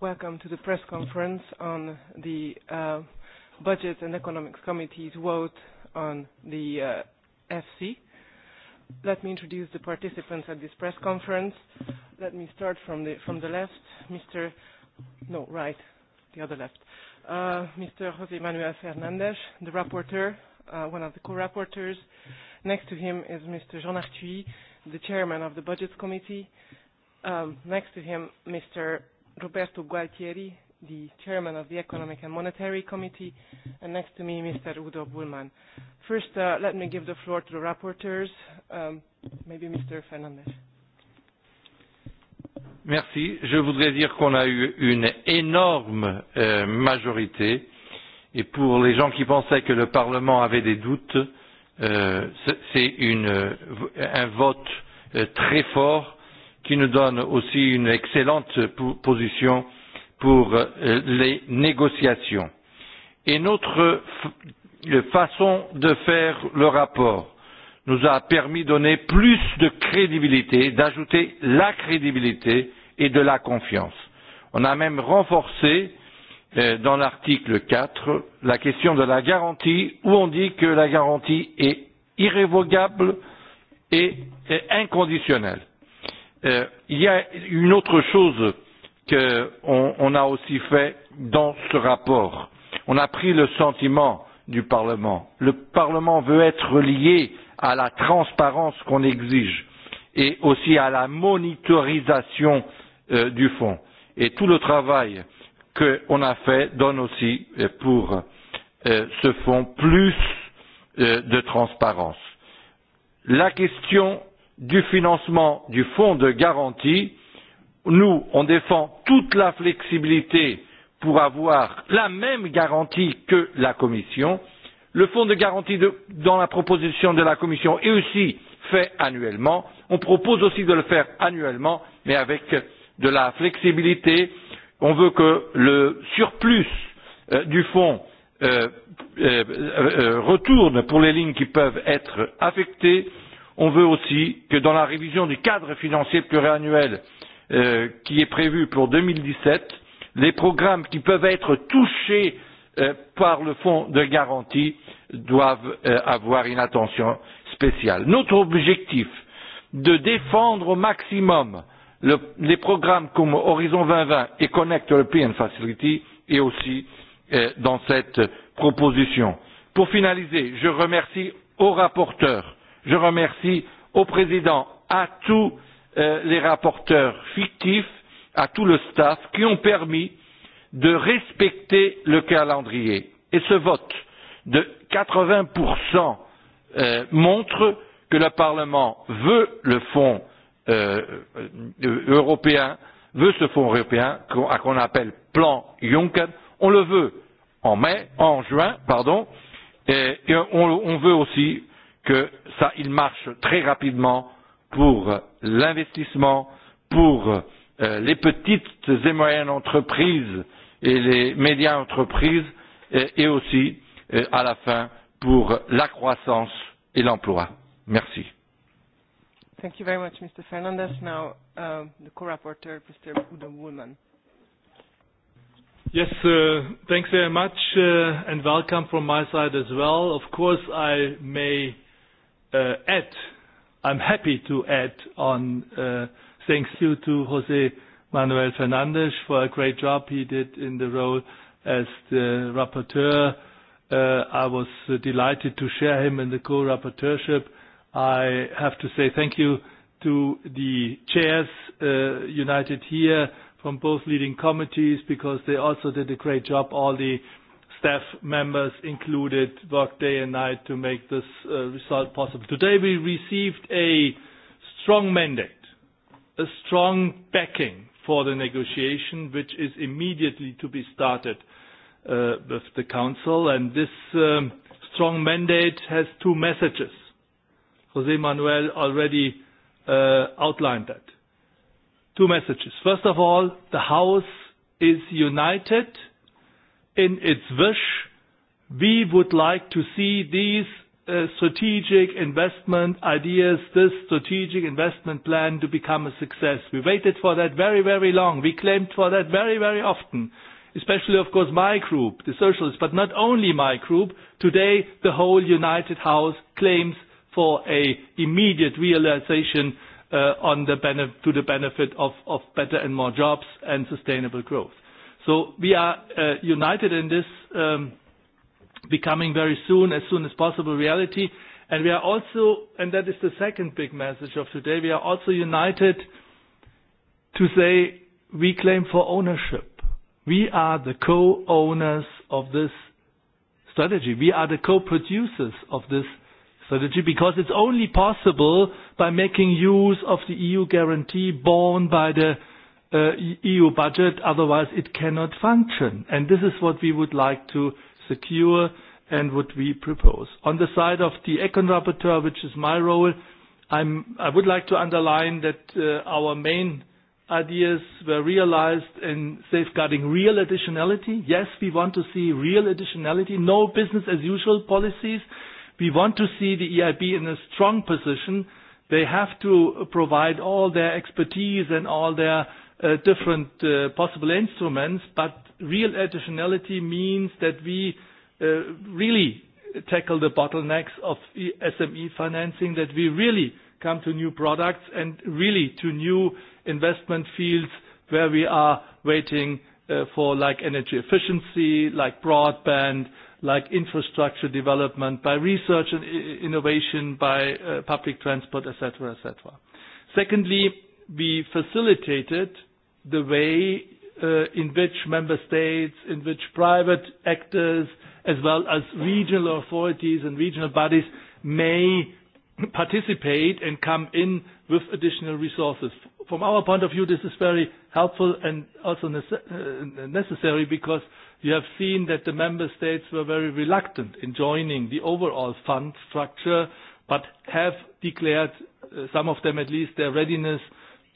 Welcome to the press conference on the uh, Budget and Economics Committee's vote on the uh, FC. Let me introduce the participants at this press conference. Let me start from the, from the left, Mr. No, right, the other left. Uh, Mr. José Manuel Fernández, the rapporteur, uh, one of the co-rapporteurs. Next to him is Mr. Jean Arthuis, the chairman of the Budget Committee. Um, next to him, Mr. Roberto Gualtieri, the chairman of the Economic and Monetary Committee, and next to me, Mr. Udo Bullmann. First, uh, let me give the floor to the rapporteurs, um, maybe Mr. Fernandez. Merci. Je voudrais dire qu'on a eu une énorme euh, majorité. Et pour les gens qui pensaient que le Parlement avait des doutes, euh, c'est un vote euh, très fort qui nous donne aussi une excellente position pour les négociations. Et notre façon de faire le rapport nous a permis de donner plus de crédibilité, d'ajouter la crédibilité et de la confiance. On a même renforcé dans l'article 4 la question de la garantie où on dit que la garantie est irrévocable et inconditionnelle Euh, il y a une autre chose qu'on on a aussi fait dans ce rapport. On a pris le sentiment du Parlement. Le Parlement veut être lié à la transparence qu'on exige et aussi à la monitorisation euh, du fonds. Et tout le travail qu'on a fait donne aussi pour euh, ce fonds plus euh, de transparence. La question du financement du fonds de garantie, nous, on défend toute la flexibilité pour avoir la même garantie que la Commission. Le fonds de garantie de, dans la proposition de la Commission est aussi fait annuellement. On propose aussi de le faire annuellement, mais avec de la flexibilité. On veut que le surplus euh, du fonds euh, euh, euh, retourne pour les lignes qui peuvent être affectées on veut aussi que dans la révision du cadre financier pluriannuel euh, qui est prévu pour 2017, les programmes qui peuvent être touchés euh, par le fonds de garantie doivent euh, avoir une attention spéciale. Notre objectif de défendre au maximum le, les programmes comme Horizon 2020 et Connect European Facility est aussi euh, dans cette proposition. Pour finaliser, je remercie aux rapporteurs Je remercie au président, à tous les rapporteurs fictifs, à tout le staff qui ont permis de respecter le calendrier. Et ce vote de quatre 80% euh, montre que le Parlement veut le fonds euh, européen, veut ce fonds européen qu'on qu appelle plan Juncker. On le veut en mai, en juin, pardon, et, et on, on veut aussi que ça, il marche très rapidement pour l'investissement, pour les petites et moyennes entreprises et les médias entreprises et aussi à la fin pour la croissance et l'emploi. Merci. Thank you very much, Mr. Fernandez. Now, uh, the co-rapporteur, Mr. Udo Woolman. Yes, uh, thanks very much, uh, and welcome from my side as well. Of course, I may uh, uh, add, I'm happy to add on uh, thanks you to Jose Manuel Fernandez for a great job he did in the role as the rapporteur. Uh, I was uh, delighted to share him in the co-rapporteurship. I have to say thank you to the chairs uh, united here from both leading committees because they also did a great job. All the staff members included work day and night to make this uh, result possible. Today we received a strong mandate, a strong backing for the negotiation, which is immediately to be started uh, with the Council. And this um, strong mandate has two messages. Jose Manuel already uh, outlined that. Two messages. First of all, the House is united – in its wish, we would like to see these uh, strategic investment ideas, this strategic investment plan to become a success. We waited for that very, very long. We claimed for that very, very often, especially, of course, my group, the socialists, but not only my group. Today, the whole United House claims for a immediate realization uh, on the benef- to the benefit of, of better and more jobs and sustainable growth. So we are uh, united in this um, becoming very soon, as soon as possible, reality. And we are also, and that is the second big message of today, we are also united to say we claim for ownership. We are the co-owners of this strategy. We are the co-producers of this strategy because it's only possible by making use of the EU guarantee borne by the uh, EU budget, otherwise it cannot function. And this is what we would like to secure and what we propose. On the side of the Econ Rapporteur, which is my role, I'm, I would like to underline that uh, our main ideas were realized in safeguarding real additionality. Yes, we want to see real additionality, no business as usual policies. We want to see the EIB in a strong position. They have to provide all their expertise and all their different uh, possible instruments, but real additionality means that we really tackle the bottlenecks of SME financing, that we really come to new products and really to new investment fields where we are waiting for like energy efficiency, like broadband, like infrastructure development, by research and innovation, by public transport, et cetera. Secondly, we facilitated the way uh, in which member states, in which private actors, as well as regional authorities and regional bodies may participate and come in with additional resources. From our point of view, this is very helpful and also uh necessary because you have seen that the member states were very reluctant in joining the overall fund structure, but have declared, some of them at least, their readiness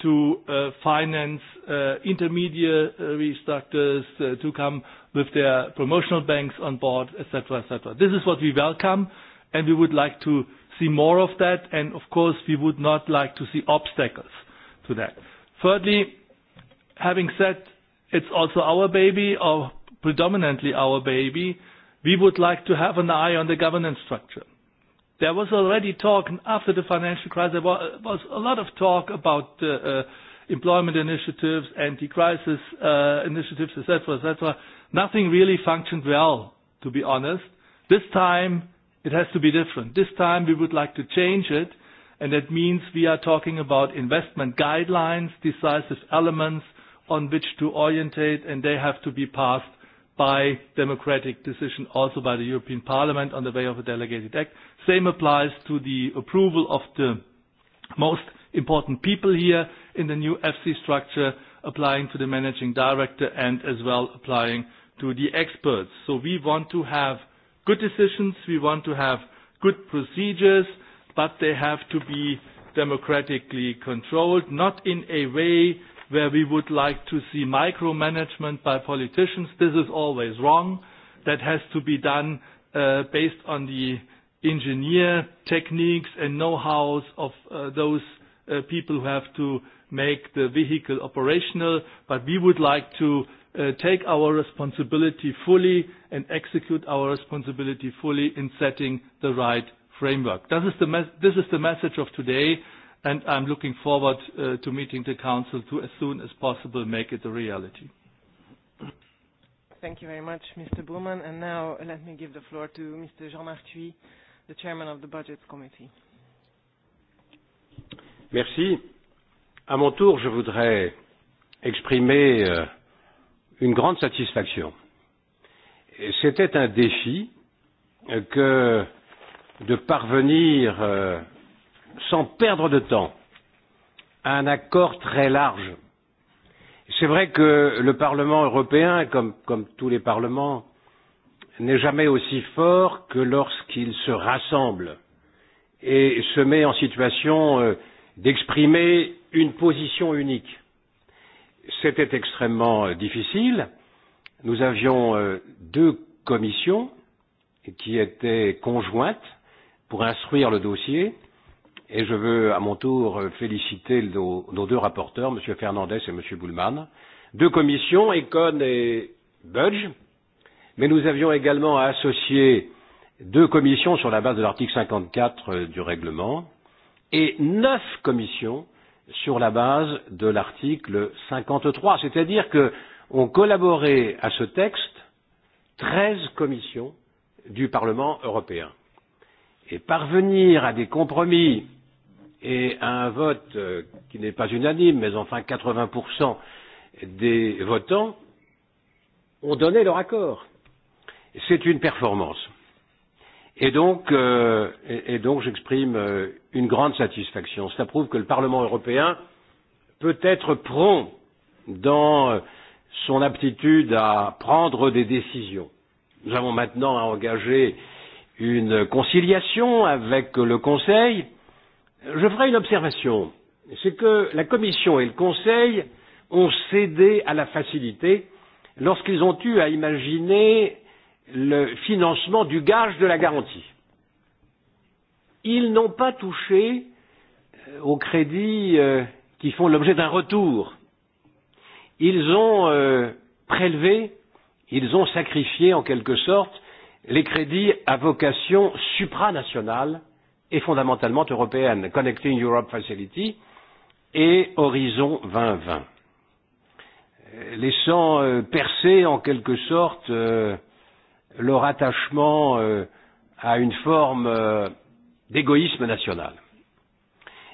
to uh, finance uh, intermediary structures, uh, to come with their promotional banks on board, et cetera. This is what we welcome, and we would like to see more of that, and of course we would not like to see obstacles to that. Thirdly, having said it's also our baby, or predominantly our baby, we would like to have an eye on the governance structure There was already talk after the financial crisis, there was a lot of talk about uh, uh, employment initiatives, anti-crisis uh, initiatives, etc., etc. Nothing really functioned well, to be honest. This time, it has to be different. This time, we would like to change it, and that means we are talking about investment guidelines, decisive elements on which to orientate, and they have to be passed by democratic decision, also by the European Parliament on the way of a delegated act. Same applies to the approval of the most important people here in the new FC structure, applying to the managing director and as well applying to the experts. So we want to have good decisions, we want to have good procedures, but they have to be democratically controlled, not in a way where we would like to see micromanagement by politicians. This is always wrong. That has to be done uh, based on the engineer techniques and know-hows of uh, those uh, people who have to make the vehicle operational, but we would like to uh, take our responsibility fully and execute our responsibility fully in setting the right framework. This is the, mes- this is the message of today, and I'm looking forward uh, to meeting the Council to, as soon as possible, make it a reality. Thank you very much, Mr. Bullman. And now let me give the floor to Mr. Jean-Marc Thuy the chairman of the budget Committee. Merci. À mon tour, je voudrais exprimer une grande satisfaction. C'était un défi que de parvenir, sans perdre de temps, à un accord très large. C'est vrai que le Parlement européen, comme, comme tous les parlements, n'est jamais aussi fort que lorsqu'il se rassemble et se met en situation d'exprimer une position unique. C'était extrêmement difficile. Nous avions deux commissions qui étaient conjointes pour instruire le dossier et je veux à mon tour féliciter nos, deux rapporteurs, M. Fernandez et M. Boulman. Deux commissions, Econ et Budge, Mais nous avions également associé deux commissions sur la base de l'article 54 du règlement et neuf commissions sur la base de l'article 53. C'est-à-dire que ont collaboré à ce texte treize commissions du Parlement européen. Et parvenir à des compromis et à un vote qui n'est pas unanime, mais enfin 80% des votants ont donné leur accord c'est une performance. Et donc, euh, et, et donc j'exprime euh, une grande satisfaction. Cela prouve que le Parlement européen peut être prompt dans son aptitude à prendre des décisions. Nous avons maintenant à engager une conciliation avec le Conseil. Je ferai une observation, c'est que la Commission et le Conseil ont cédé à la facilité lorsqu'ils ont eu à imaginer le financement du gage de la garantie. Ils n'ont pas touché aux crédits qui font l'objet d'un retour. Ils ont prélevé, ils ont sacrifié en quelque sorte les crédits à vocation supranationale et fondamentalement européenne, Connecting Europe Facility et Horizon 2020, laissant percer en quelque sorte euh, leur attachement euh, à une forme euh, d'égoïsme national.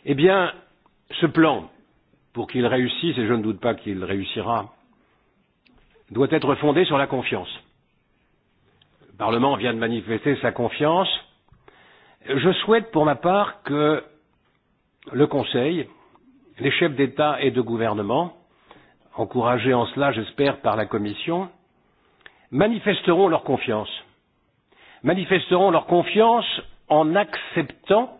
Eh bien, ce plan, pour qu'il réussisse, et je ne doute pas qu'il réussira, doit être fondé sur la confiance. Le Parlement vient de manifester sa confiance. Je souhaite, pour ma part, que le Conseil, les chefs d'État et de gouvernement, encouragés en cela, j'espère, par la Commission, manifesteront leur confiance. Manifesteront leur confiance en acceptant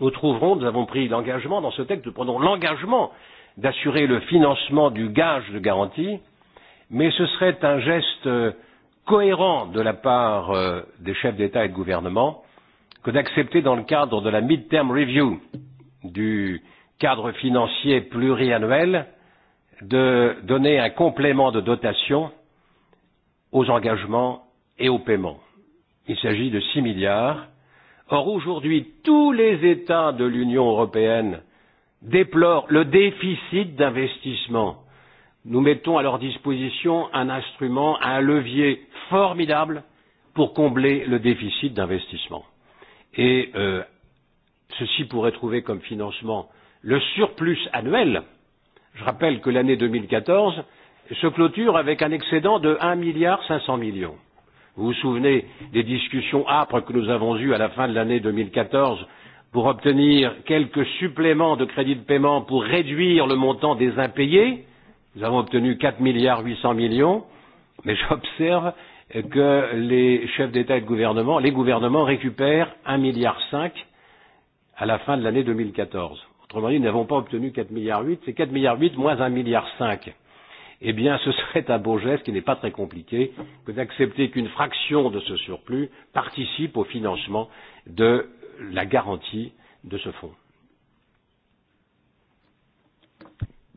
nous trouverons, nous avons pris l'engagement dans ce texte, nous prenons l'engagement d'assurer le financement du gage de garantie, mais ce serait un geste cohérent de la part des chefs d'État et de gouvernement que d'accepter dans le cadre de la mid-term review du cadre financier pluriannuel de donner un complément de dotation aux engagements et aux paiements. Il s'agit de 6 milliards. Or, aujourd'hui, tous les États de l'Union européenne déplorent le déficit d'investissement. Nous mettons à leur disposition un instrument, un levier formidable pour combler le déficit d'investissement. Et euh, ceci pourrait trouver comme financement le surplus annuel. Je rappelle que l'année 2014 se clôture avec un excédent de un milliard 500 millions. Vous vous souvenez des discussions âpres que nous avons eues à la fin de l'année 2014 pour obtenir quelques suppléments de crédits de paiement pour réduire le montant des impayés. Nous avons obtenu quatre milliards 800 millions, mais j'observe que les chefs d'État et de gouvernement, les gouvernements récupèrent 1,5 milliard à la fin de l'année 2014. Autrement dit, nous n'avons pas obtenu 4,8 milliards, c'est 4,8 milliards moins 1,5 milliard eh bien, ce serait un beau geste qui n'est pas très compliqué que d'accepter qu'une fraction de ce surplus participe au financement de la garantie de ce fonds.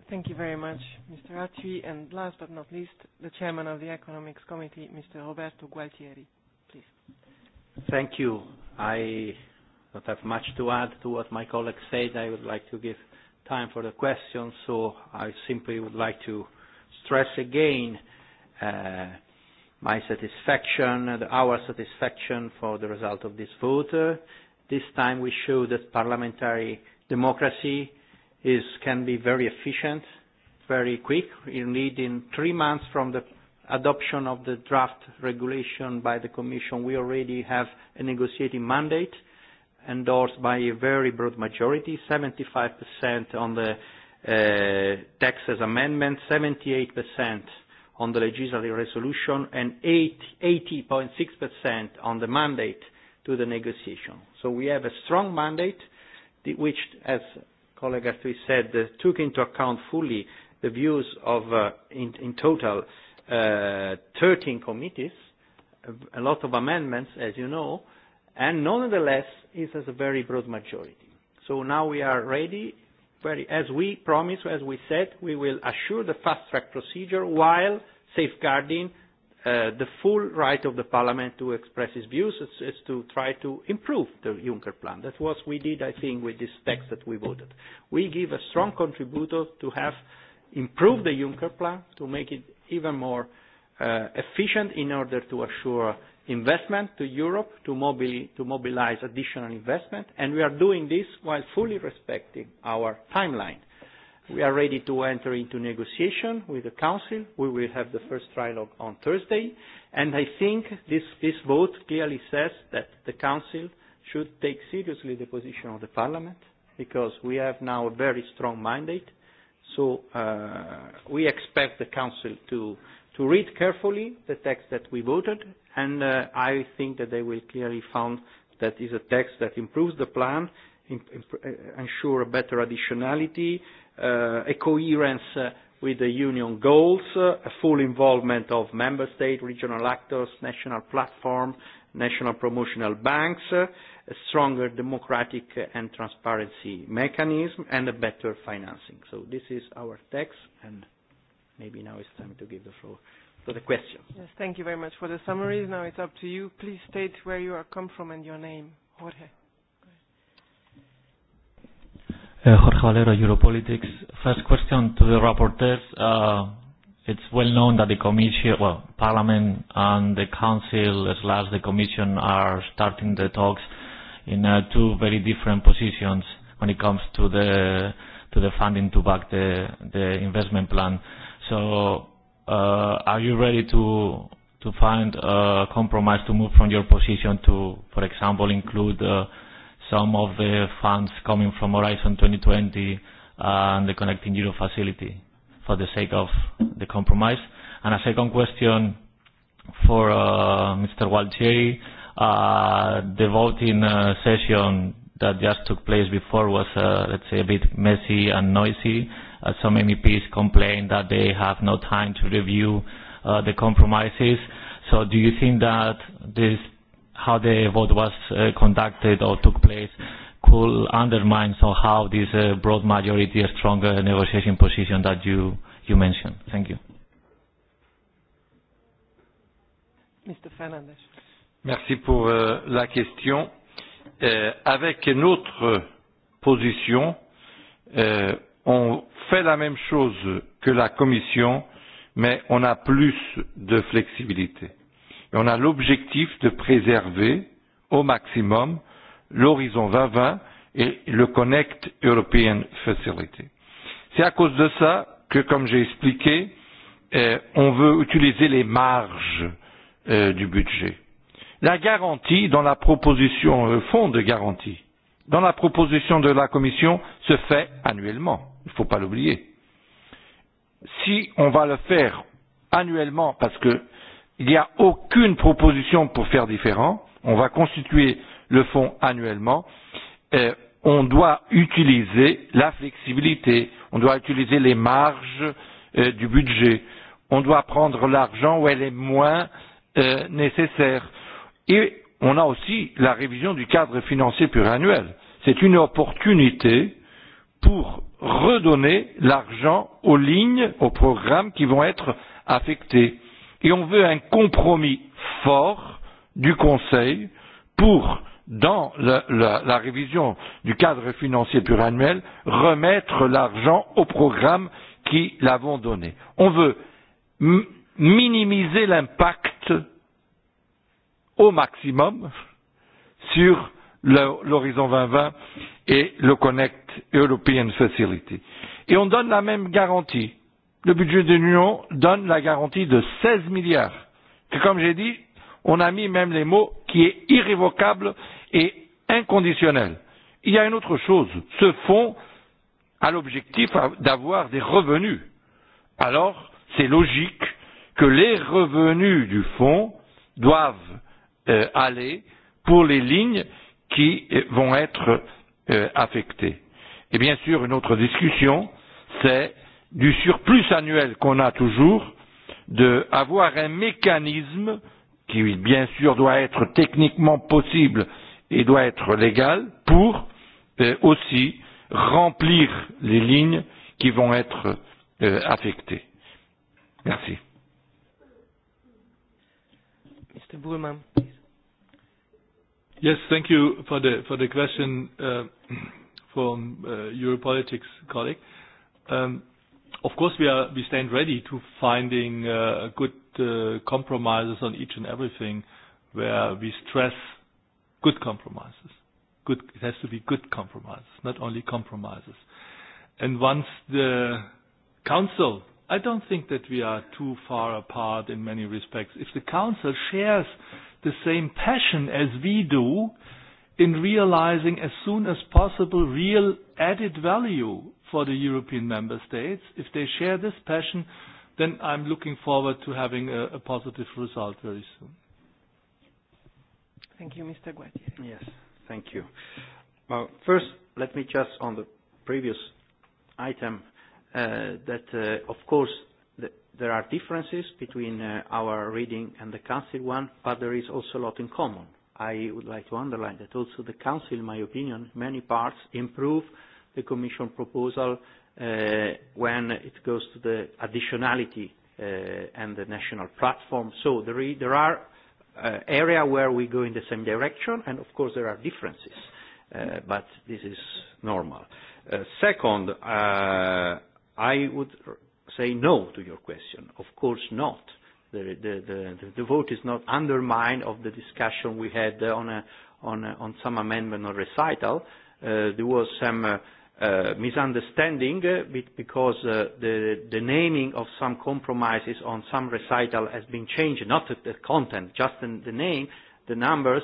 Thank you very much, Mr. Artui. And last but not least, the chairman of the Economics Committee, Mr. Roberto Gualtieri. Please. Thank you. I don't have much to add to what my colleague said. I would like to give time for the questions, so I simply would like to stress again uh, my satisfaction, our satisfaction for the result of this vote. Uh, this time we show that parliamentary democracy is, can be very efficient, very quick. Indeed, in three months from the adoption of the draft regulation by the Commission, we already have a negotiating mandate endorsed by a very broad majority, 75% on the Texas Amendment, 78% on the legislative resolution, and 80.6% on the mandate to the negotiation. So we have a strong mandate, which, as colleague Arthuis said, took into account fully the views of, uh, in, in total, uh, 13 committees, a lot of amendments, as you know, and nonetheless, it has a very broad majority. So now we are ready very, as we promised, as we said, we will assure the fast-track procedure while safeguarding uh, the full right of the Parliament to express its views is, is to try to improve the Juncker plan. That's what we did, I think, with this text that we voted. We give a strong contributor to have improved the Juncker plan, to make it even more uh, efficient in order to assure investment to Europe to mobilize additional investment, and we are doing this while fully respecting our timeline. We are ready to enter into negotiation with the council. We will have the first trilogue on Thursday, and I think this vote clearly says that the council should take seriously the position of the parliament, because we have now a very strong mandate. So, we expect the council to to read carefully the text that we voted, and uh, I think that they will clearly found that is a text that improves the plan, ensure a better additionality, uh, a coherence uh, with the union goals, uh, a full involvement of member state, regional actors, national platform, national promotional banks, uh, a stronger democratic and transparency mechanism, and a better financing. So this is our text, and maybe now it's time to give the floor for the question. Yes, thank you very much for the summary. Now it's up to you. Please state where you are come from and your name. Jorge. Jorge Valero, Europolitics. First question to the rapporteurs. it's well known that the Commission, well, Parliament and the Council as well as the Commission are starting the talks in two very different positions when it comes to the funding to back the investment plan. So uh, are you ready to to find a compromise to move from your position to, for example, include uh, some of the funds coming from Horizon 2020 and the Connecting Euro facility for the sake of the compromise? And a second question for uh, Mr. Waltieri. Uh, the voting uh, session that just took place before was, uh, let's say, a bit messy and noisy uh, some MEPs complain that they have no time to review uh, the compromises. So do you think that this, how the vote was uh, conducted or took place could undermine somehow this uh, broad majority, a stronger negotiation position that you, you mentioned? Thank you. Mr. Fernandez. Merci pour euh, la question. Euh, avec notre position, euh, On fait la même chose que la Commission, mais on a plus de flexibilité. Et on a l'objectif de préserver au maximum l'horizon 2020 et le Connect European Facility. C'est à cause de ça que, comme j'ai expliqué, eh, on veut utiliser les marges eh, du budget. La garantie dans la proposition, le fonds de garantie, dans la proposition de la Commission se fait annuellement. Il ne faut pas l'oublier. Si on va le faire annuellement, parce qu'il n'y a aucune proposition pour faire différent, on va constituer le fonds annuellement, euh, on doit utiliser la flexibilité, on doit utiliser les marges euh, du budget, on doit prendre l'argent où elle est moins euh, nécessaire. Et on a aussi la révision du cadre financier pluriannuel. C'est une opportunité pour redonner l'argent aux lignes, aux programmes qui vont être affectés. Et on veut un compromis fort du Conseil pour, dans la, la, la révision du cadre financier pluriannuel, remettre l'argent aux programmes qui l'avons donné. On veut minimiser l'impact au maximum sur l'horizon 2020 et le Connect European Facility. Et on donne la même garantie. Le budget de l'Union donne la garantie de 16 milliards. Et comme j'ai dit, on a mis même les mots qui est irrévocable et inconditionnel. Il y a une autre chose. Ce fonds a l'objectif d'avoir des revenus. Alors, c'est logique que les revenus du fonds doivent euh, aller pour les lignes qui vont être affectés. Et bien sûr, une autre discussion, c'est du surplus annuel qu'on a toujours, d'avoir un mécanisme qui, bien sûr, doit être techniquement possible et doit être légal pour aussi remplir les lignes qui vont être affectées. Merci. Mr. Bullman, please. Yes, thank you for the for the question uh, from uh, Europolitics colleague. Um, of course, we are we stand ready to finding uh, good uh, compromises on each and everything, where we stress good compromises. Good, it has to be good compromises, not only compromises. And once the council I don't think that we are too far apart in many respects. If the Council shares the same passion as we do in realizing as soon as possible real added value for the European member states, if they share this passion, then I'm looking forward to having a, a positive result very soon. Thank you, Mr. Gualtieri. Yes, thank you. Well, first, let me just on the previous item that, of course, there are differences between uh, our reading and the Council one, but there is also a lot in common. I would like to underline that also the Council, in my opinion, many parts improve the Commission proposal uh, when it goes to the additionality uh, and the national platform. So there, is, there are uh, areas where we go in the same direction, and of course there are differences, uh, but this is normal. Uh, second, uh, I would say no to your question. Of course not. The, the, the, the vote is not undermined of the discussion we had on, a, on, a, on some amendment or recital. Uh, there was some uh, uh, misunderstanding uh, because uh, the, the naming of some compromises on some recital has been changed, not the, the content, just in the name, uh, the numbers,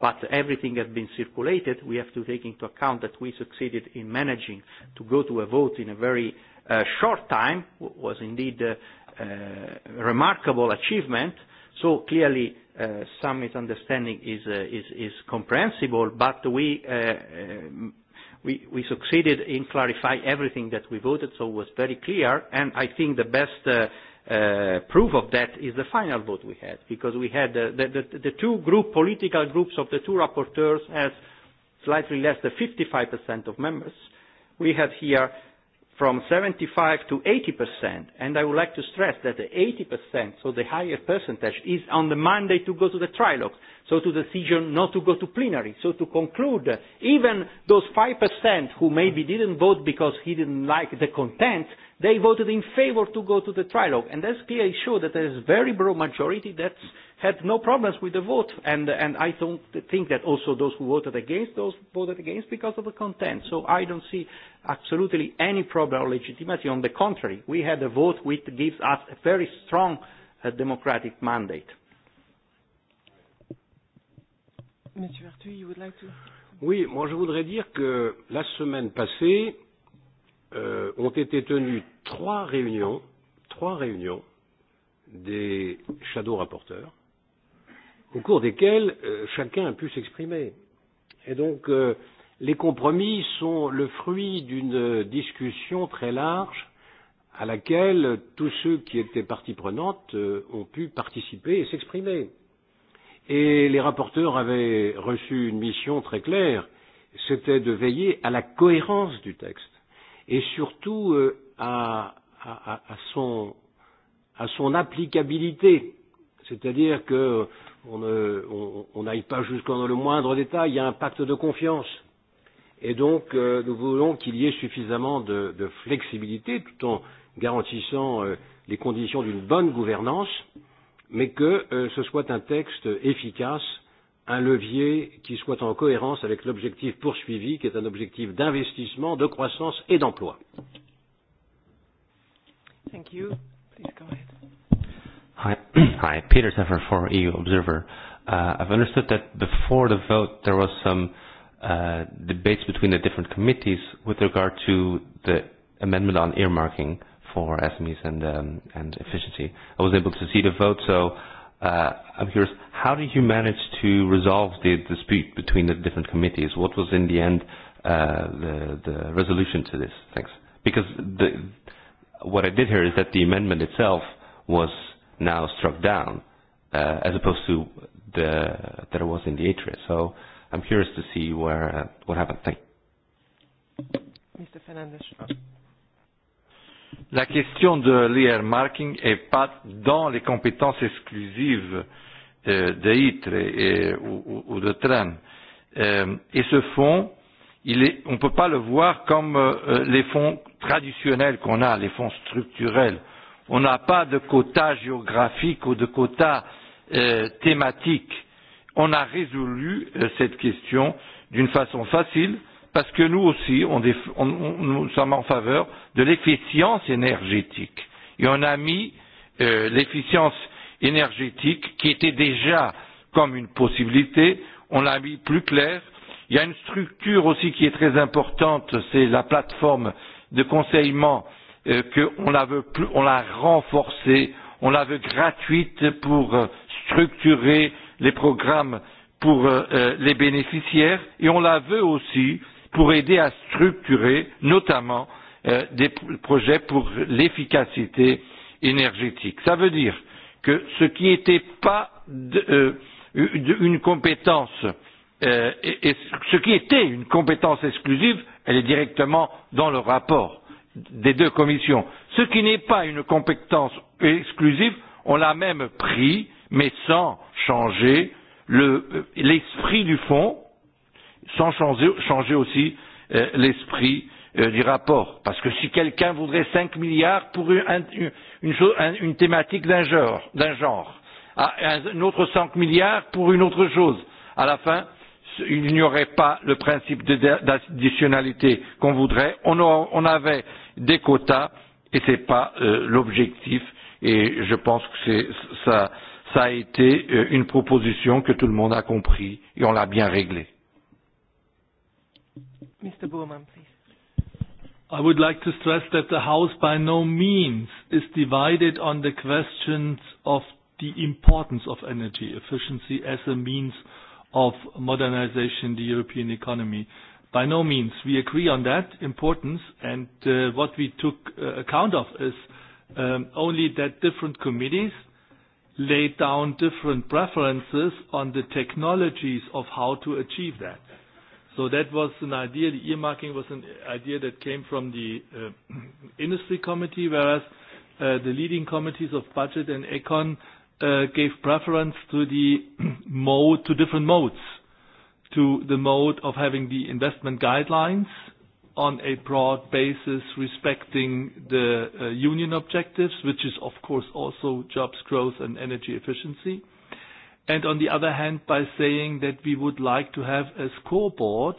but everything has been circulated. We have to take into account that we succeeded in managing to go to a vote in a very uh, short time, was indeed a remarkable achievement. So clearly, uh, some misunderstanding is, uh, is, is comprehensible, but we, uh, we, we succeeded in clarifying everything that we voted, so it was very clear, and I think the best uh, uh, proof of that is the final vote we had, because we had the, the, the two group political groups of the two rapporteurs as slightly less than 55% of members. We had here from 75 to 80%, and I would like to stress that the 80%, so the higher percentage, is on the mandate to go to the trilogue, so to the decision not to go to plenary. So to conclude, even those 5% who maybe didn't vote because he didn't like the content, They voted in favor to go to the trilogue, and that's clearly show that there is a very broad majority that had no problems with the vote. And, and I don't think that also those who voted against, those voted against because of the content. So I don't see absolutely any problem or legitimacy. On the contrary, we had a vote which gives us a very strong uh, democratic mandate. Monsieur Arthur, you would like to... Oui, moi je voudrais dire que la semaine passée, euh, ont été tenues trois réunions, trois réunions des shadow rapporteurs, au cours desquelles euh, chacun a pu s'exprimer. Et donc, euh, les compromis sont le fruit d'une discussion très large à laquelle tous ceux qui étaient partie prenante euh, ont pu participer et s'exprimer. Et les rapporteurs avaient reçu une mission très claire, c'était de veiller à la cohérence du texte et surtout euh, à, à, à, son, à son applicabilité. C'est-à-dire que on n'aille on, on pas jusqu'en le moindre détail, il y a un pacte de confiance. Et donc, euh, nous voulons qu'il y ait suffisamment de, de flexibilité tout en garantissant euh, les conditions d'une bonne gouvernance, mais que euh, ce soit un texte efficace un levier qui soit en cohérence avec l'objectif poursuivi, qui est un objectif d'investissement, de croissance et d'emploi. Thank you. Please go ahead. Hi, Hi. Peter Seffer for EU Observer. Uh, I've understood that before the vote there was some uh, debates between the different committees with regard to the amendment on earmarking for SMEs and um, and efficiency. I was able to see the vote, so Uh, I'm curious, how did you manage to resolve the dispute between the different committees? What was in the end uh, the, the resolution to this? Thanks. Because the, what I did hear is that the amendment itself was now struck down, uh, as opposed to the that it was in the atria. So I'm curious to see where uh, what happened. Thank you. Mr. Fernandez. La question de l'earmarking n'est pas dans les compétences exclusives euh, de ITRE et, ou, ou de TREN. Euh, et ce fonds, il est, on ne peut pas le voir comme euh, les fonds traditionnels qu'on a, les fonds structurels. On n'a pas de quota géographique ou de quota euh, thématique. On a résolu euh, cette question d'une façon facile euh, parce que nous aussi, on, on, nous sommes en faveur de l'efficience énergétique. Et on a mis euh, l'efficience énergétique, qui était déjà comme une possibilité, on l'a mis plus clair. Il y a une structure aussi qui est très importante, c'est la plateforme de conseillement euh, qu'on la veut plus, on l'a renforcée, on la veut gratuite pour euh, structurer les programmes pour euh, les bénéficiaires et on la veut aussi euh, pour aider à structurer notamment euh, des projets pour l'efficacité énergétique. Ça veut dire que ce qui n'était pas de, euh, une compétence euh, et, et ce qui était une compétence exclusive, elle est directement dans le rapport des deux commissions. Ce qui n'est pas une compétence exclusive, on l'a même pris, mais sans changer l'esprit le, du fonds sans changer, changer aussi euh, l'esprit euh, du rapport. Parce que si quelqu'un voudrait 5 milliards pour une, une, chose, une thématique d'un genre, d'un genre un autre 5 milliards pour une autre chose, à la fin, il n'y aurait pas le principe d'additionnalité qu'on voudrait. On, a, on avait des quotas et ce n'est pas euh, l'objectif. Et je pense que ça, ça a été une proposition que tout le monde a compris et on l'a bien réglée. Mr. Burman, please. I would like to stress that the House by no means is divided on the questions of the importance of energy efficiency as a means of modernization the European economy. By no means. We agree on that importance, and uh, what we took uh, account of is um, only that different committees laid down different preferences on the technologies of how to achieve that. So that was an idea. The earmarking was an idea that came from the uh, industry committee, whereas uh, the leading committees of budget and econ uh, gave preference to the mode to different modes, to the mode of having the investment guidelines on a broad basis, respecting the uh, union objectives, which is of course also jobs growth and energy efficiency and on the other hand, by saying that we would like to have a scoreboard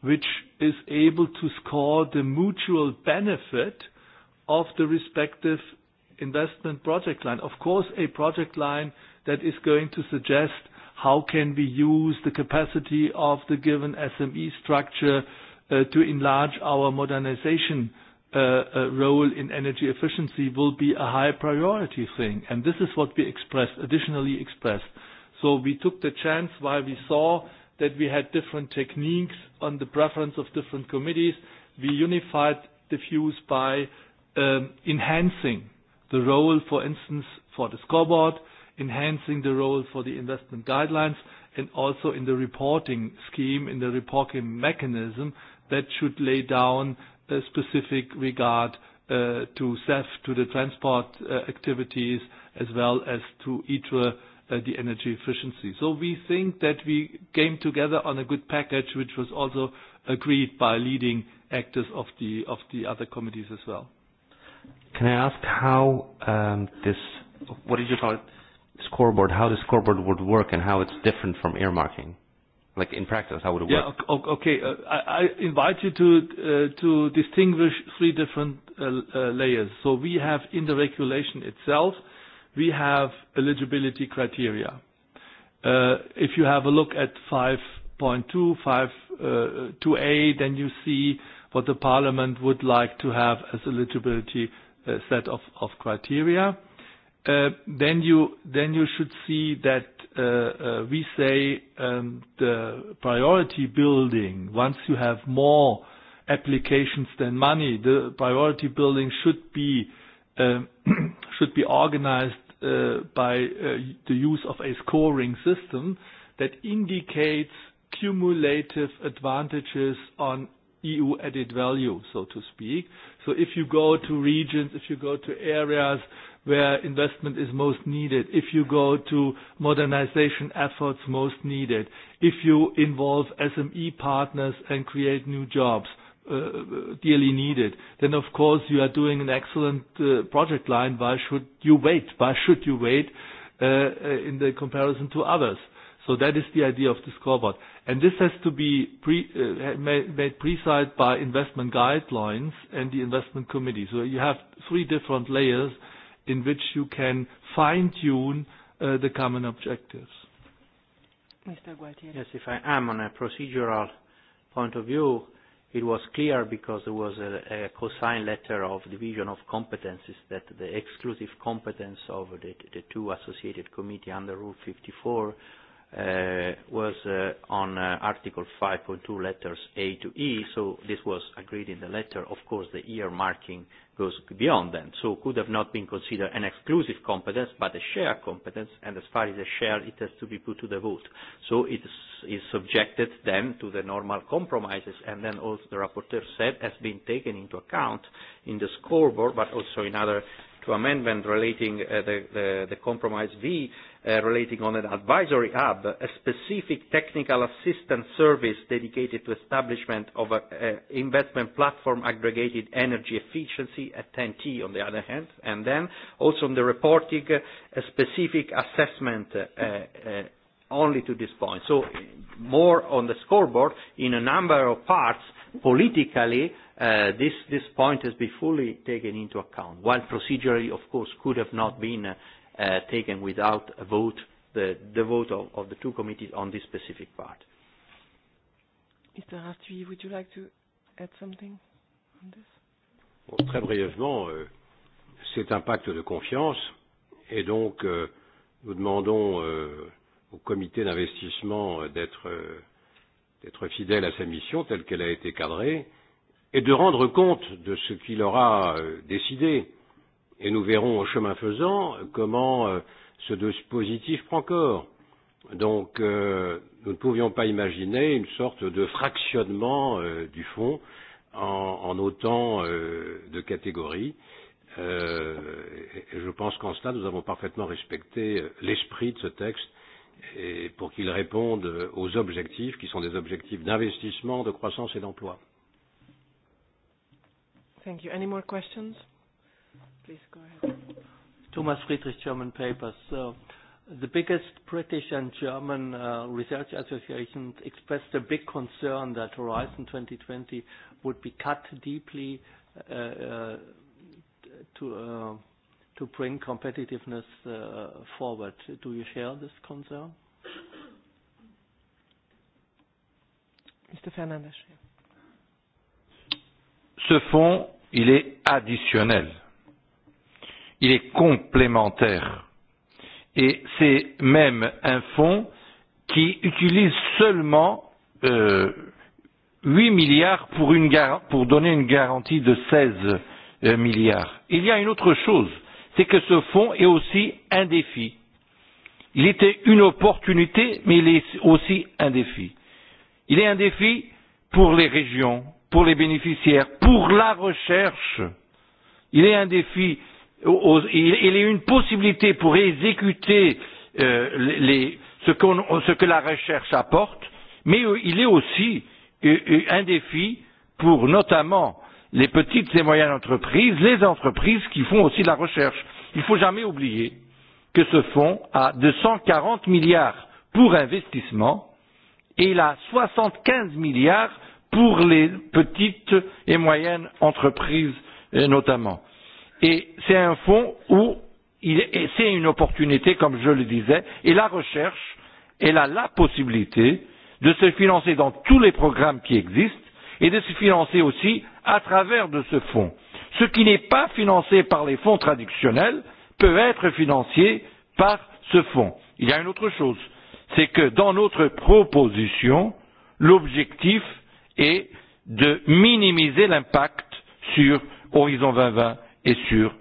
which is able to score the mutual benefit of the respective investment project line. Of course, a project line that is going to suggest how can we use the capacity of the given SME structure to enlarge our modernization role in energy efficiency will be a high priority thing. and This is what we expressed, additionally expressed. So we took the chance while we saw that we had different techniques on the preference of different committees. We unified the views by um, enhancing the role, for instance, for the scoreboard, enhancing the role for the investment guidelines, and also in the reporting scheme, in the reporting mechanism that should lay down a specific regard uh, to CEF, to the transport uh, activities, as well as to ITRE the energy efficiency. So We think that we came together on a good package, which was also agreed by leading actors of the of the other committees as well. Can I ask how um this, what did you call it? Scoreboard, how the scoreboard would work and how it's different from earmarking? Like in practice, how would it work? Yeah. Okay. I invite you to distinguish three different layers. So We have in the regulation itself, we have eligibility criteria. Uh, if you have a look at 5.2, 5.2a, then you see what the Parliament would like to have as eligibility uh, set of, of criteria. Uh, then you then you should see that uh, uh, we say um, the priority building. Once you have more applications than money, the priority building should be should be organized by the use of a scoring system that indicates cumulative advantages on EU added value, so to speak. So If you go to regions, if you go to areas where investment is most needed, if you go to modernization efforts most needed, if you involve SME partners and create new jobs, uh, dearly needed, then of course you are doing an excellent uh, project line. Why should you wait? Why should you wait uh, in the comparison to others? So that is the idea of the scoreboard. And this has to be pre, uh, made precise by investment guidelines and the investment committee. So you have three different layers in which you can fine-tune uh, the common objectives. Mr. Gualtieri. Yes, if I am on a procedural point of view, uh, It was clear because there was a, a co-signed letter of division of competences that the exclusive competence of the, the two associated committee under Rule 54 uh, was uh, on uh, Article 5.2 letters A to E, so this was agreed in the letter. Of course, the earmarking goes beyond that. So could have not been considered an exclusive competence, but a shared competence, and as far as a share, it has to be put to the vote. So it is subjected then to the normal compromises, and then also the rapporteur said has been taken into account in the scoreboard, but also in other two amendments relating uh, the, the, the compromise V relating on an advisory hub, a specific technical assistance service dedicated to establishment of an investment platform aggregated energy efficiency at TEN-T on the other hand, and then also on the reporting, a specific assessment only to this point. So more on the scoreboard, in a number of parts, politically, uh, this, this point has been fully taken into account, while procedurally, of course, could have not been uh, uh, taken without a vote, the, the vote of, of the two committees on this specific part. Mr. Rastui, would you like to add something on this? Bon, très brièvement, euh, c'est un pacte de confiance et donc euh, nous demandons euh, au comité d'investissement d'être euh, d'être fidèle à sa mission telle qu'elle a été cadrée et de rendre compte de ce qu'il aura décidé Et nous verrons en chemin faisant comment ce dispositif prend corps. Donc nous ne pouvions pas imaginer une sorte de fractionnement du fonds en, en autant de catégories. et je pense qu'en cela, nous avons parfaitement respecté l'esprit de ce texte et pour qu'il réponde aux objectifs qui sont des objectifs d'investissement, de croissance et d'emploi. Thank you. Any more questions? please go ahead. Thomas Friedrich, German Papers. So the biggest British and German uh, research associations expressed a big concern that Horizon 2020 would be cut deeply uh, uh, to, uh, to bring competitiveness uh, forward. Do you share this concern? Mr. Fernandes. Ce fonds, il est additionnel il est complémentaire. Et c'est même un fonds qui utilise seulement euh, 8 milliards pour, une, pour donner une garantie de 16 euh, milliards. Il y a une autre chose, c'est que ce fonds est aussi un défi. Il était une opportunité, mais il est aussi un défi. Il est un défi pour les régions, pour les bénéficiaires, pour la recherche. Il est un défi il y a une possibilité pour exécuter les, ce, qu ce que la recherche apporte, mais il est aussi un défi pour notamment les petites et moyennes entreprises, les entreprises qui font aussi la recherche. Il ne faut jamais oublier que ce fonds a 240 milliards pour investissement et il a 75 milliards pour les petites et moyennes entreprises notamment et c'est un fonds où c'est une opportunité, comme je le disais, et la recherche, elle a la possibilité de se financer dans tous les programmes qui existent et de se financer aussi à travers de ce fonds. Ce qui n'est pas financé par les fonds traditionnels peut être financé par ce fonds. Il y a une autre chose, c'est que dans notre proposition, l'objectif est de minimiser l'impact sur Horizon 2020 et sur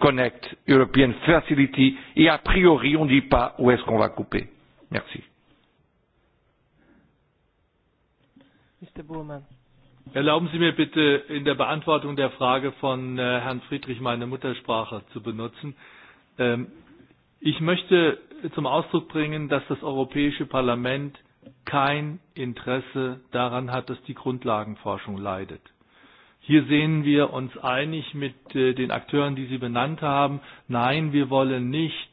Connect European Facility et a priori on ne dit pas où est-ce qu'on va couper. Merci. Mr. Buhlmann. Erlauben Sie mir bitte in der Beantwortung der Frage von Herrn Friedrich meine Muttersprache zu benutzen. Ich möchte zum Ausdruck bringen, dass das Europäische Parlament kein Interesse daran hat, dass die Grundlagenforschung leidet. Hier sehen wir uns einig mit den Akteuren, die Sie benannt haben. Nein, wir wollen nicht,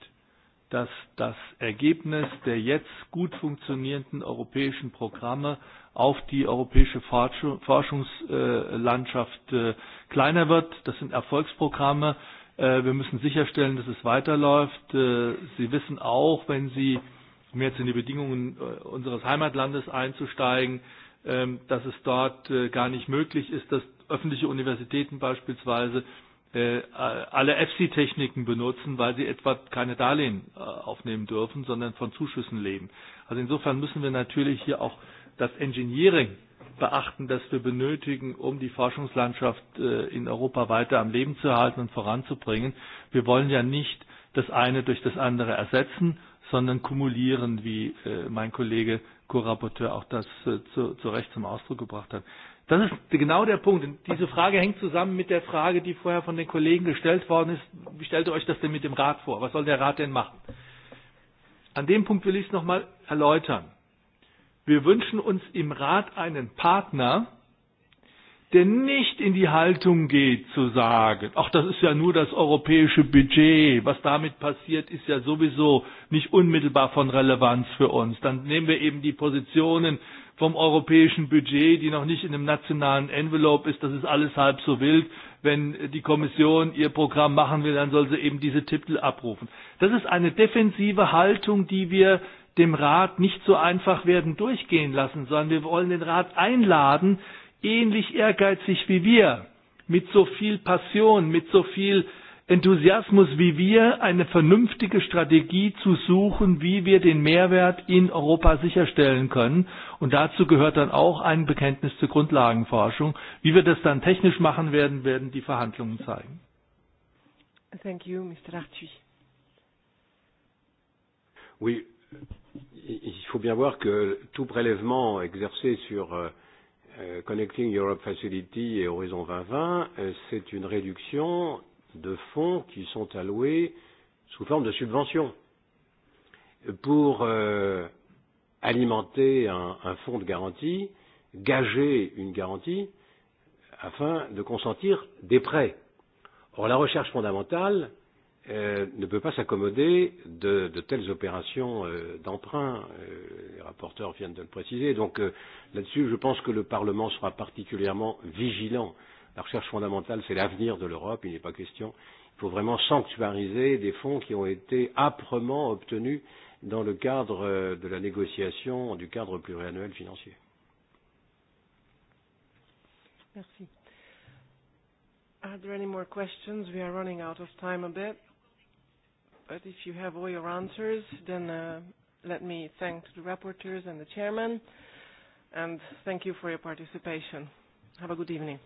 dass das Ergebnis der jetzt gut funktionierenden europäischen Programme auf die europäische Forschungslandschaft kleiner wird. Das sind Erfolgsprogramme. Wir müssen sicherstellen, dass es weiterläuft. Sie wissen auch, wenn Sie, um jetzt in die Bedingungen unseres Heimatlandes einzusteigen, dass es dort gar nicht möglich ist, dass öffentliche Universitäten beispielsweise alle EFSI-Techniken benutzen, weil sie etwa keine Darlehen aufnehmen dürfen, sondern von Zuschüssen leben. Also insofern müssen wir natürlich hier auch das Engineering beachten, das wir benötigen, um die Forschungslandschaft in Europa weiter am Leben zu halten und voranzubringen. Wir wollen ja nicht das eine durch das andere ersetzen, sondern kumulieren, wie mein Kollege Co-Rapporteur auch das zu, zu Recht zum Ausdruck gebracht hat. Das ist genau der Punkt. Diese Frage hängt zusammen mit der Frage, die vorher von den Kollegen gestellt worden ist. Wie stellt ihr euch das denn mit dem Rat vor? Was soll der Rat denn machen? An dem Punkt will ich es nochmal erläutern. Wir wünschen uns im Rat einen Partner, der nicht in die Haltung geht, zu sagen, ach, das ist ja nur das europäische Budget, was damit passiert, ist ja sowieso nicht unmittelbar von Relevanz für uns. Dann nehmen wir eben die Positionen vom europäischen Budget, die noch nicht in einem nationalen Envelope ist, das ist alles halb so wild. Wenn die Kommission ihr Programm machen will, dann soll sie eben diese Titel abrufen. Das ist eine defensive Haltung, die wir dem Rat nicht so einfach werden durchgehen lassen, sondern wir wollen den Rat einladen, ähnlich ehrgeizig wie wir, mit so viel Passion, mit so viel Enthusiasmus wie wir, eine vernünftige Strategie zu suchen, wie wir den Mehrwert in Europa sicherstellen können. Und dazu gehört dann auch ein Bekenntnis zur Grundlagenforschung. Wie wir das dann technisch machen werden, werden die Verhandlungen zeigen. Thank you, Mr. Arthuis. Oui, il faut bien voir que tout prélèvement exercé sur euh, Connecting Europe Facility et Horizon 2020, c'est une réduction de fonds qui sont alloués sous forme de subventions pour euh, alimenter un, un fonds de garantie, gager une garantie, afin de consentir des prêts. Or, la recherche fondamentale, ne peut pas s'accommoder de, de telles opérations euh, d'emprunt. Euh, les rapporteurs viennent de le préciser. Donc euh, là-dessus, je pense que le Parlement sera particulièrement vigilant. La recherche fondamentale, c'est l'avenir de l'Europe, il n'est pas question. Il faut vraiment sanctuariser des fonds qui ont été âprement obtenus dans le cadre de la négociation du cadre pluriannuel financier. Merci. Are there any more questions? We are running out of time a bit but if you have all your answers, then uh, let me thank the rapporteurs and the chairman, and thank you for your participation. Have a good evening.